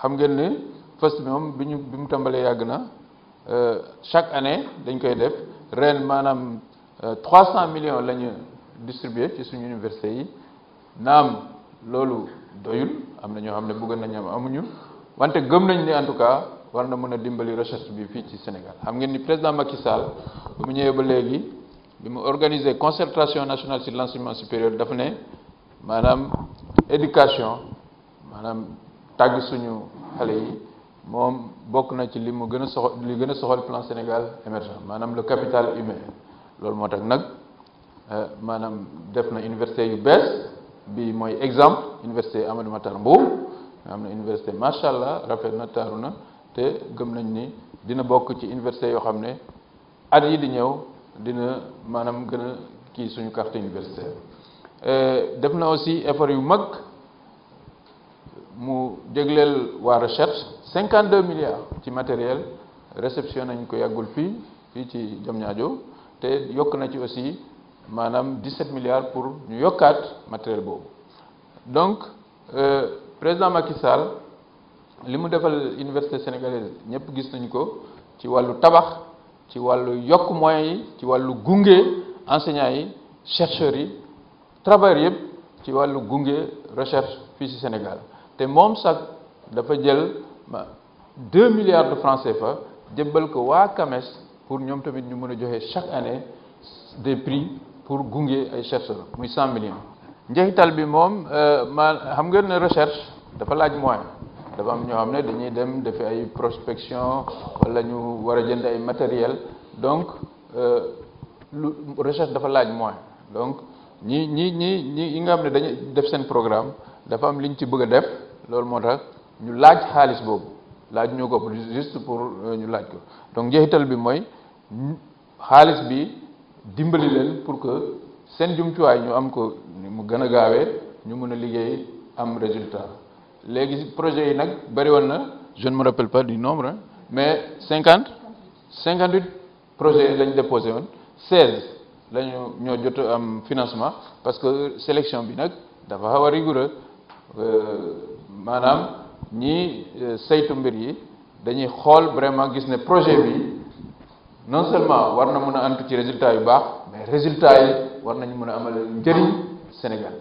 xam ngeen ni fës bi moom bi ñu bi mu tàmbalee yàgg na euh, chaque année dañ koy def ren maanaam 300 euh, millions la ñu distribué ci suñu université yi naam loolu doyul am na ñoo xam ne bëgg nañu am amuñu wante gëm nañ ni en tout cas war na mën a dimbali recherche bi fii ci Sénégal xam ngeen ni président Macky Sall bu mu ñëwee ba léegi bi mu organiser concertation nationale sur l'enseignement supérieur dafa ne maanaam éducation maanaam tàgg suñu xalé yi mom bokk na ci limu gëna soxol li gëna soxol plan Sénégal émergent manam le capital humain lool motax nak nag euh, manam def na université yu bees bi moy exemple université Amadou Matar Mbow université machallah rafet na taruna té te gëm nañ ni dina bokk ci université yo xamné ne at yi di ñëw dina manam gëna ki suñu carte universitaire euh, def na aussi effort yu mag jégleel wa recherche 52 milliards ci matériel réception nañ ko yagul fi fi ci Diamniadio té yok na ci aussi manam 17 milliards pour ñu yokkat matériel bobu donc euh, président Macky Sall li defal université sénégalaise ñep gis nañ ko ci walu tabax ci walu yok moyens yi ci walu gunge enseignants yi chercheurs travailleurs ci walu recherche fi ci Sénégal te moom sax dafa jël deux milliards de francs CFA jëbbal ko waa CAMES pour ñoom tamit ñu mën a chaque année des prix pour gunge ay chercheurs muy cent millions njeexital bi moom euh, ma xam ngeen ne recherche dafa laaj moins dafa am ñoo xam ne dañuy dem defi ay prospection wala ñu war a jënd ay matériel donc euh, lu recherche dafa laaj moins donc ñi ñi ñi ñi yi nga xam ne dañuy def seen programme dafa am liñ ci bëgg def loolu moo tax ñu laaj xaalis boobu laaj ñu ko juste pour euh, ñu laaj ko donc njeexital bi mooy xaalis bi dimbali leen pour que seen jumtuwaay ñu am ko ñu mu gën a gaawee ñu mën a liggéey am résultat léegi projet yi nag bëri woon na jeune ne me rappelle pas du nombre mais cinquante cinquante huit projets lañ déposé woon seize lañu ñoo jot am financement parce que sélection bi nag dafa xaw a maanaam ñi euh, saytu mbir yi dañuy xool vraiment gis ne projet bi non seulement war na mën a ant ci résultat yu baax mais résultat yi war nañu mën a amal njëriñ Sénégal